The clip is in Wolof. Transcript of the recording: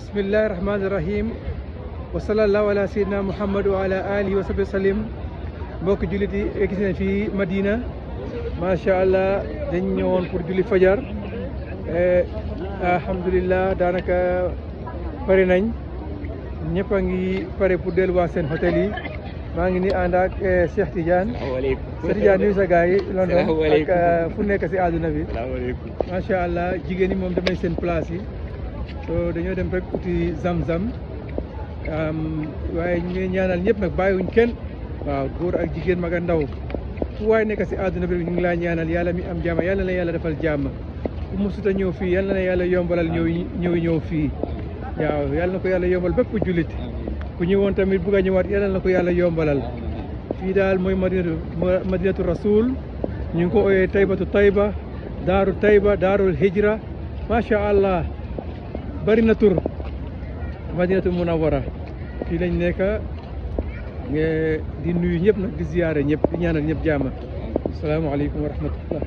bismillahi rahmaani rahim wa sallallahu ala sayyidina muhammad wa ala alihi wa mbokki jullit yi eh, gis nañ fii Madina macha allah dañ ñëwoon pour julli fajar eh, alhamdulilah daanaka pare nañ ñëpp a ngi pare pour del seen hôtel yi maa ngi nii ànd ak eh, Cheikh Tidiane Cheikh Tidiane sa gars yi London ak fu nekk si àdduna bi macha allah jigéen ñi moom damay seen place yi dañoo dem rek uti zam-zam ñu ngi ñaanal ñëpp nag bàyyiwuñ kenn waaw góor ak jigéen mag ak ndaw fu waay nekk si àdduna bi ñu ngi laa ñaanal yàlla mi am jàmm yàlla na yàlla defal jàmm ku ta ñëw fii yàlla na yàlla yombalal ñëw ñëw ñëw fii waaw yàlla na ko yàlla yombal bépp julit ku ñëwoon tamit bugg a ñëwaat yàlla na ko yàlla yombalal fii daal mooy madinatu madinatu ñu ngi ko ooyee taybatu tayba daaru tayba daarul hijra macha allah bari na tur madinatul munawwara fii lañ nekk di nuyu ñep nak di ziaré ñep di ñaanal ñep jàmm assalamu alaykum wa rahmatullah